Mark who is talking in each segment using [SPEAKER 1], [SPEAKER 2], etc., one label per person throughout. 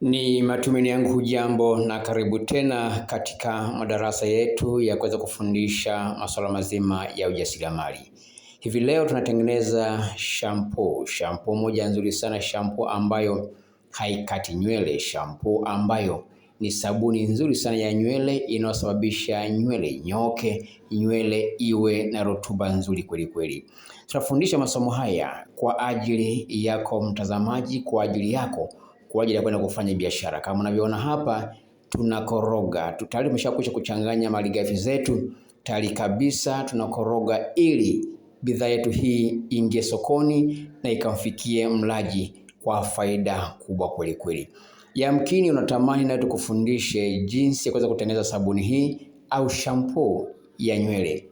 [SPEAKER 1] Ni matumaini yangu hujambo na karibu tena katika madarasa yetu ya kuweza kufundisha masuala mazima ya ujasiriamali. Hivi leo tunatengeneza shampoo, shampoo moja nzuri sana, shampoo ambayo haikati nywele, shampoo ambayo ni sabuni nzuri sana ya nywele inayosababisha nywele nyoke, nywele iwe na rutuba nzuri kweli kweli. Tunafundisha masomo haya kwa ajili yako mtazamaji, kwa ajili yako kwa ajili ya kwenda kufanya biashara. Kama unavyoona hapa, tunakoroga tayari, tumeshakwisha kuchanganya malighafi zetu tayari kabisa, tunakoroga ili bidhaa yetu hii ingie sokoni na ikamfikie mlaji kwa faida kubwa kweli kweli. Yamkini unatamani nawe tukufundishe jinsi ya kuweza kutengeneza sabuni hii au shampoo ya nywele.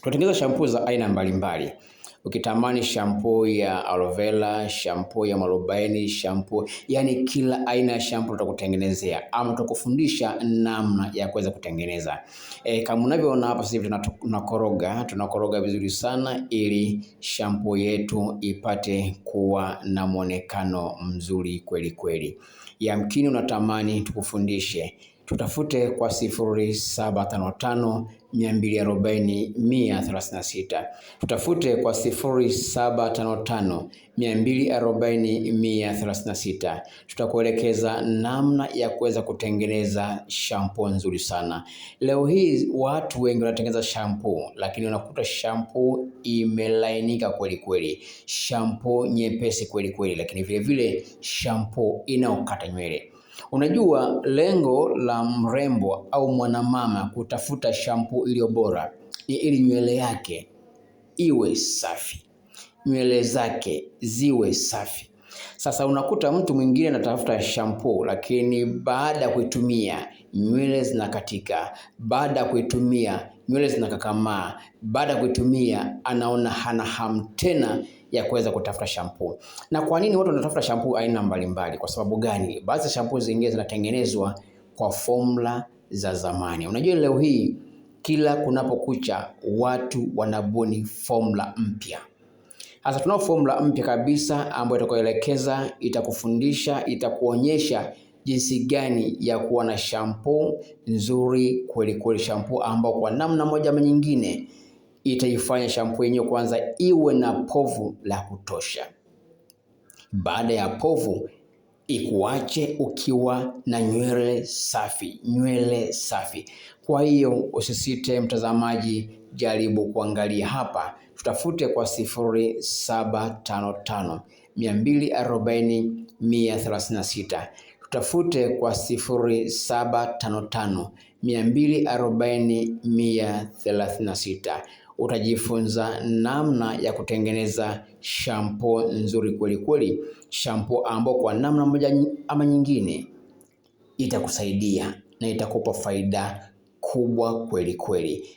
[SPEAKER 1] Tunatengeneza shampoo za aina mbalimbali mbali. Ukitamani shampoo ya aloe vera, shampoo ya mwarobaini, shampoo yani kila aina ya shampoo tutakutengenezea ama tutakufundisha namna ya kuweza kutengeneza. E, kama unavyoona hapa sasa hivi tunakoroga, tunakoroga vizuri sana ili shampoo yetu ipate kuwa na mwonekano mzuri kweli kweli. Yamkini unatamani tukufundishe tutafute kwa 0755240136 tutafute kwa 0755240136 Tutakuelekeza namna ya kuweza kutengeneza shampoo nzuri sana. Leo hii watu wengi wanatengeneza shampoo, lakini unakuta shampoo imelainika kweli kweli, shampoo nyepesi kweli kweli, lakini vile vile shampoo inaokata nywele Unajua lengo la mrembo au mwanamama kutafuta shampoo iliyo bora ni ili nywele yake iwe safi, nywele zake ziwe safi. Sasa unakuta mtu mwingine anatafuta shampoo, lakini baada ya kuitumia nywele zinakatika, baada ya kuitumia nywele zinakakamaa, baada ya kuitumia anaona hana hamu tena ya kuweza kutafuta shampoo. Na kwa nini watu wanatafuta shampoo aina mbalimbali? Kwa sababu gani? Baadhi ya shampoo zingine zinatengenezwa kwa formula za zamani. Unajua leo hii kila kunapokucha watu wanabuni formula mpya. Sasa tunao formula mpya kabisa ambayo itakuelekeza, itakufundisha, itakuonyesha jinsi gani ya kuwa na shampoo nzuri kweli kweli, shampoo ambayo kwa namna moja ama nyingine itaifanya shampoo yenyewe kwanza iwe na povu la kutosha. Baada ya povu, ikuache ukiwa na nywele safi, nywele safi. Kwa hiyo usisite, mtazamaji, jaribu kuangalia hapa, tutafute kwa 0755 240 sita tutafute kwa 0755 240 sita utajifunza namna ya kutengeneza shampo nzuri kweli kweli, shampo ambayo kwa namna moja ama nyingine itakusaidia na itakupa faida kubwa kweli kweli.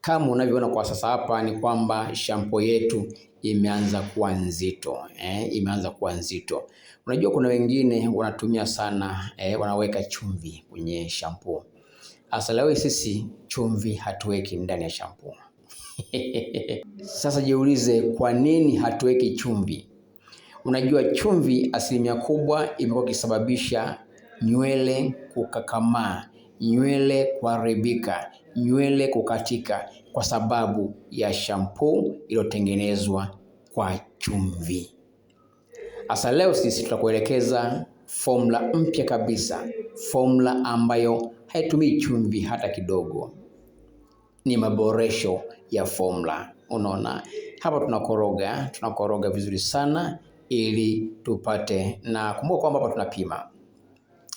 [SPEAKER 1] Kama unavyoona kwa sasa hapa ni kwamba shampo yetu imeanza kuwa nzito eh, imeanza kuwa nzito. Unajua kuna wengine wanatumia sana eh, wanaweka chumvi kwenye shampo Hasa leo sisi chumvi hatuweki ndani ya shampoo. Sasa jiulize, kwa nini hatuweki chumvi? Unajua chumvi asilimia kubwa imekuwa ikisababisha nywele kukakamaa, nywele kuharibika, nywele kukatika kwa sababu ya shampoo iliyotengenezwa kwa chumvi. Asa leo sisi tutakuelekeza formula mpya kabisa, formula ambayo haitumii chumvi hata kidogo ni maboresho ya formula. Unaona hapa tunakoroga, tunakoroga vizuri sana ili tupate, na kumbuka kwamba hapa tunapima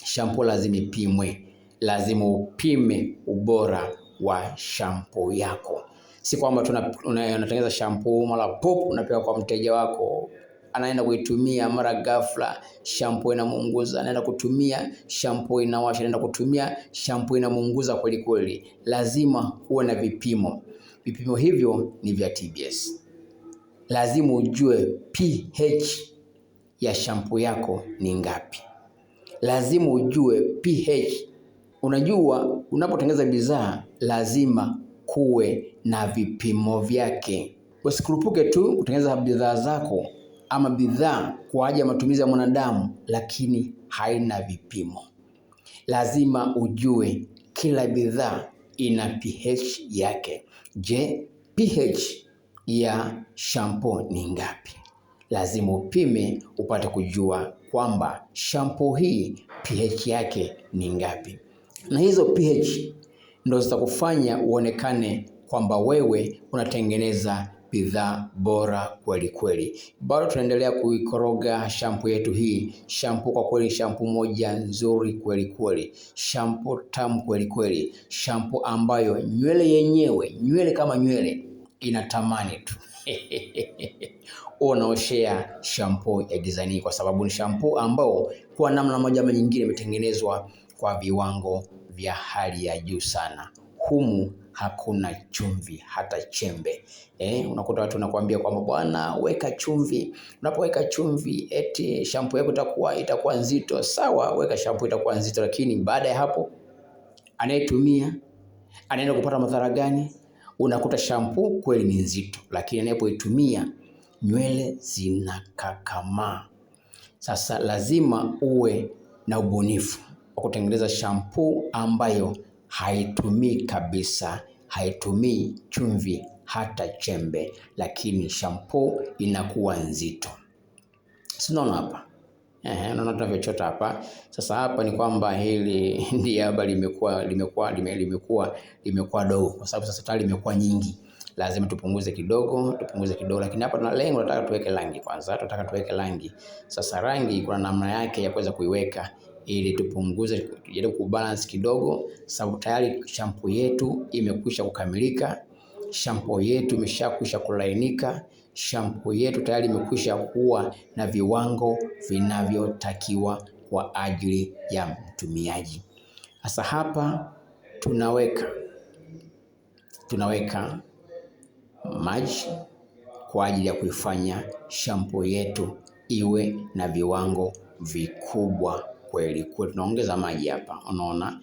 [SPEAKER 1] shampoo, lazima ipimwe, lazima upime ubora wa shampoo yako, si kwamba unatengeneza shampoo mara pop unapewa kwa mteja wako anaenda kuitumia, mara ghafla shampoo inamuunguza, anaenda kutumia shampoo inawasha, anaenda kutumia shampoo inamuunguza kweli kweli. Lazima uwe na vipimo. Vipimo hivyo ni vya TBS. Lazima ujue pH ya shampoo yako ni ngapi. Lazima ujue pH. Unajua, unapotengeneza bidhaa lazima kuwe na vipimo vyake. Usikurupuke tu kutengeneza bidhaa zako ama bidhaa kwa ajili ya matumizi ya mwanadamu, lakini haina vipimo. Lazima ujue kila bidhaa ina pH yake. Je, pH ya shampoo ni ngapi? Lazima upime upate kujua kwamba shampoo hii pH yake ni ngapi, na hizo pH ndo zitakufanya uonekane kwamba wewe unatengeneza bidhaa bora kweli kweli. Bado tunaendelea kuikoroga shampu yetu hii. Shampu kwa kweli, shampu moja nzuri kweli kweli, shampu tamu kweli kweli, shampu ambayo nywele yenyewe, nywele kama nywele inatamani tu unaoshea shampu ya Gizani kwa sababu ni shampu ambao kwa namna moja ama nyingine imetengenezwa kwa viwango vya hali ya juu sana humu hakuna chumvi hata chembe. Eh, unakuta watu wanakuambia kwamba bwana, weka chumvi. Unapoweka chumvi, eti shampoo yako itakuwa itakuwa nzito. Sawa, weka shampoo itakuwa nzito, lakini baada ya hapo anayetumia anaenda kupata madhara gani? Unakuta shampoo kweli ni nzito, lakini anapoitumia nywele zinakakamaa. Sasa lazima uwe na ubunifu wa kutengeneza shampoo ambayo haitumii kabisa, haitumii chumvi hata chembe, lakini shampoo inakuwa nzito. Sinaona hapa ehe, naona tunavyochota hapa sasa. Hapa ni kwamba hili diaba haba limekuwa limekuwa limekuwa limekuwa dogo, kwa sababu sasa tayari limekuwa nyingi lazima tupunguze kidogo, tupunguze kidogo, lakini hapa tuna lengo, tunataka tuweke rangi kwanza, tunataka tuweke rangi. Sasa rangi kuna namna yake ya kuweza kuiweka ili tupunguze, tujaribu kubalance kidogo, sababu tayari shampo yetu imekwisha kukamilika, shampo yetu imeshakwisha kulainika, shampo yetu tayari imekwisha kuwa na viwango vinavyotakiwa kwa ajili ya mtumiaji. Sasa hapa tunaweka tunaweka maji kwa ajili ya kuifanya shampoo yetu iwe na viwango vikubwa kweli kweli, tunaongeza maji hapa, unaona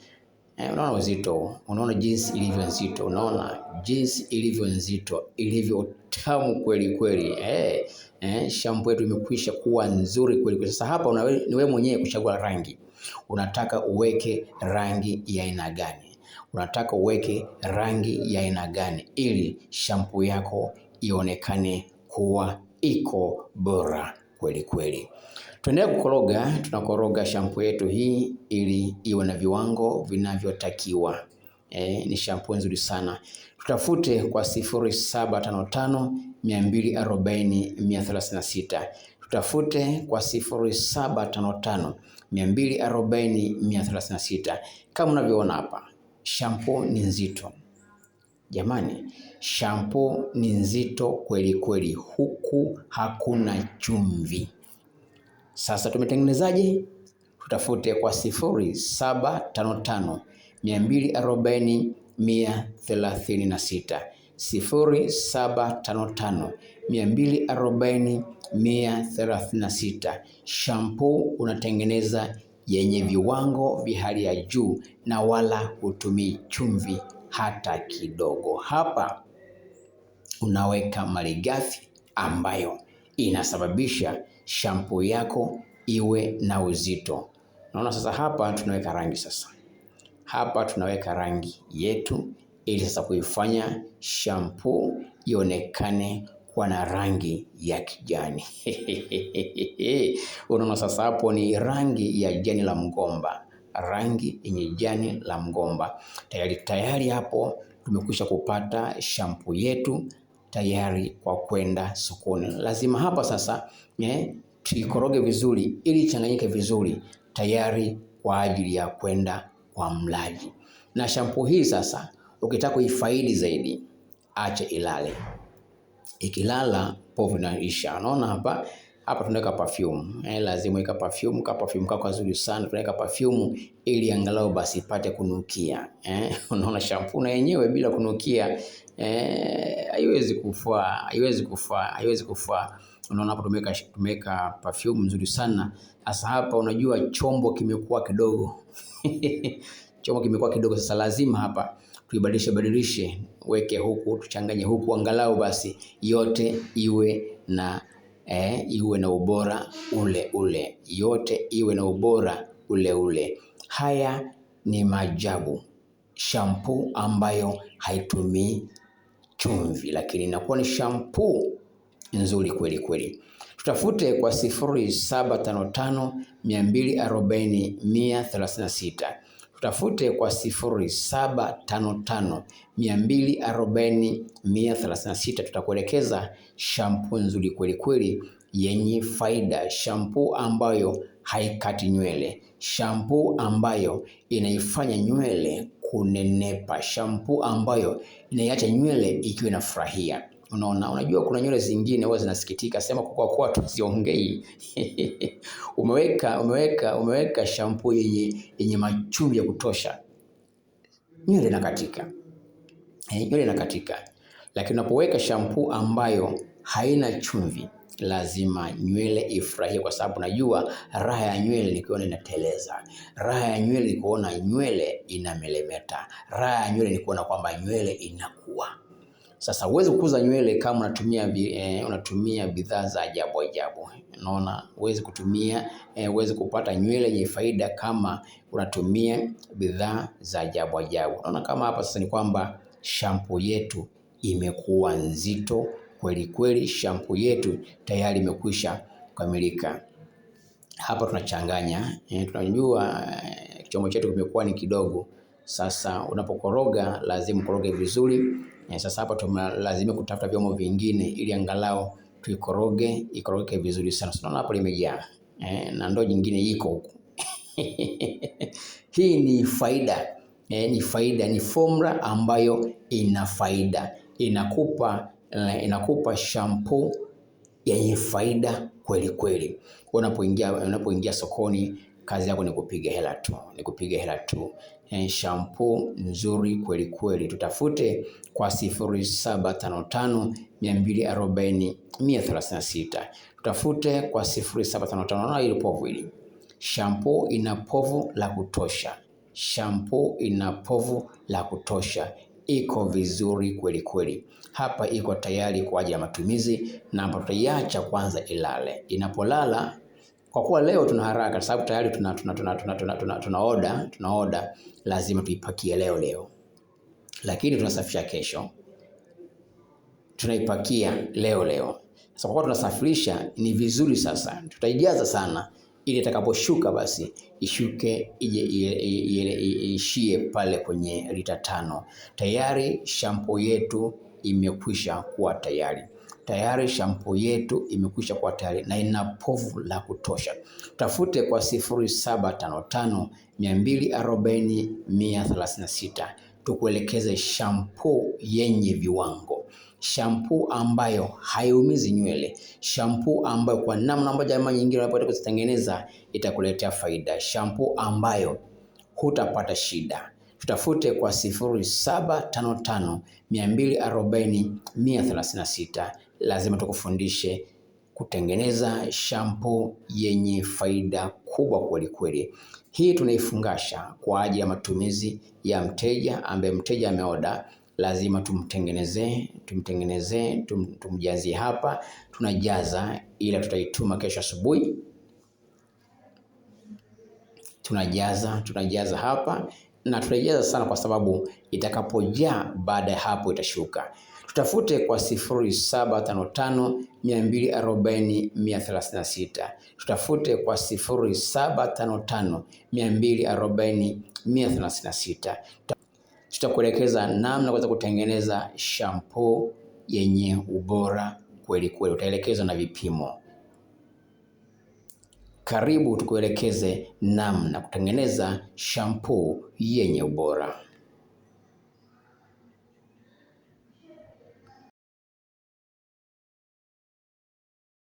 [SPEAKER 1] eh, unaona uzito, unaona jinsi ilivyo nzito, unaona jinsi ilivyo nzito, ilivyo tamu kweli kweli eh, eh, shampoo yetu imekwisha kuwa nzuri kweli kweli. Sasa hapa una, ni wewe mwenyewe kuchagua rangi, unataka uweke rangi ya aina gani, unataka uweke rangi ya aina gani ili shampoo yako ionekane kuwa iko bora kweli kweli. Tuendelee kukoroga, tunakoroga shampoo yetu hii ili iwe na viwango vinavyotakiwa. E, ni shampoo nzuri sana. Tutafute kwa 0755 240 sita Tutafute kwa 0755 240 sita Kama unavyoona hapa, shampoo ni nzito. Jamani, shampo ni nzito kweli kweli, huku hakuna chumvi. Sasa tumetengenezaje? Tutafute kwa sifuri saba tano tano mia mbili arobaini mia thelathini na sita sifuri saba tano tano mia mbili arobaini mia thelathini na sita. unatengeneza yenye viwango vya hali ya juu na wala hutumii chumvi hata kidogo. Hapa unaweka malighafi ambayo inasababisha shampoo yako iwe na uzito. Naona sasa hapa tunaweka rangi sasa. Hapa tunaweka rangi yetu ili sasa kuifanya shampoo ionekane kwa na rangi ya kijani. Unaona sasa hapo ni rangi ya jani la mgomba rangi yenye jani la mgomba. Tayari tayari hapo tumekwisha kupata shampu yetu tayari kwa kwenda sokoni. Lazima hapa sasa eh, tuikoroge vizuri ili ichanganyike vizuri tayari kwa ajili ya kwenda kwa mlaji. Na shampu hii sasa, ukitaka kuifaidi zaidi, acha ilale. Ikilala povu inaisha. Unaona hapa hapa tunaweka perfume eh, lazima weka perfume ka perfume kako nzuri sana, tunaweka perfume ili angalau basi ipate kunukia eh. Unaona shampoo na yenyewe bila kunukia eh, haiwezi kufaa, haiwezi kufaa, haiwezi kufaa. Unaona hapo tumeweka tumeweka perfume nzuri sana. Sasa hapa unajua chombo kimekuwa kidogo chombo kimekuwa kidogo, sasa lazima hapa tuibadilishe badilishe, weke huku tuchanganye huku, angalau basi yote iwe na eh, iwe na ubora ule ule, yote iwe na ubora ule ule. Haya ni maajabu. Shampoo ambayo haitumii chumvi, lakini inakuwa ni shampoo nzuri kweli kweli. Tutafute kwa 0755 240 136 tutafute kwa 0755240136 Tutakuelekeza shampu nzuri kweli kweli yenye faida, shampuu ambayo haikati nywele, shampuu ambayo inaifanya nywele kunenepa, shampuu ambayo inaiacha nywele ikiwa inafurahia. Unaona, unajua kuna nywele zingine huwa zinasikitika, sema kwa kuwa tuziongei. umeweka umeweka umeweka shampoo yenye yenye machumvi ya kutosha, nywele inakatika eh, nywele inakatika. Lakini unapoweka shampoo ambayo haina chumvi, lazima nywele ifurahie, kwa sababu najua raha ya nywele ni kuona inateleza, raha ya nywele ni kuona nywele inamelemeta, raha ya nywele ni kuona kwamba nywele ina sasa huwezi kukuza nywele kama unatumia eh, unatumia bidhaa za ajabu ajabu. Unaona, huwezi kutumia eh, kupata nywele yenye faida kama unatumia bidhaa za ajabu ajabu. Unaona kama hapa sasa ni kwamba shampoo yetu imekuwa nzito kweli kweli, shampoo yetu tayari imekwisha kukamilika. Hapa tunachanganya eh, tunajua eh, chombo chetu kimekuwa ni kidogo. Sasa unapokoroga lazima ukoroge vizuri E, sasa hapa tumelazimika kutafuta vyombo vingine ili angalau tuikoroge ikorogeke vizuri sana. Unaona hapo limejaa e, na ndoo nyingine iko huko hii ni faida e, ni faida, ni formula ambayo ina faida, inakupa inakupa shampoo yenye faida kweli kweli, unapoingia unapoingia sokoni kazi yako ni kupiga hela tu, ni kupiga hela tu. Shampoo nzuri kweli kweli, tutafute kwa 0755240136 tutafute kwa 0755. Na ile povu ili shampoo ina povu la kutosha, shampoo ina povu la kutosha iko vizuri kweli kweli. Hapa iko tayari kwa ajili ya matumizi, na tutaiacha kwanza ilale. Inapolala kwa kuwa leo tuna haraka, sababu tayari tuna tuna tuna tuna tuna tuna tuna oda tuna oda, lazima tuipakie leo leo, lakini tunasafisha kesho, tunaipakia leo leo. Sasa kwa kuwa tunasafirisha, ni vizuri sasa tutaijaza sana, ili itakaposhuka basi ishuke ije iishie pale kwenye lita tano. Tayari shampo yetu imekwisha kuwa tayari tayari shampo yetu imekwisha kuwa tayari na ina povu la kutosha. Tafute kwa 0755240136 tukuelekeze shampo yenye viwango, shampo ambayo haiumizi nywele, shampo ambayo kwa namna moja ama nyingine unapotaka kuzitengeneza itakuletea faida, shampo ambayo hutapata shida. Tutafute kwa 0755240136 lazima tukufundishe kutengeneza shampoo yenye faida kubwa kweli kweli. Hii tunaifungasha kwa ajili ya matumizi ya mteja ambaye mteja ameoda, lazima tumtengenezee, tumtengenezee, tum, tumjazie hapa, tunajaza, ila tutaituma kesho asubuhi, tunajaza tunajaza hapa na tunaijaza sana, kwa sababu itakapojaa baada ya hapo itashuka tutafute kwa 0755240136 Tutafute kwa 0755240136 Tutakuelekeza namna kuweza kutengeneza shampoo yenye ubora kweli kweli, utaelekezwa na vipimo. Karibu tukuelekeze namna kutengeneza shampoo yenye ubora.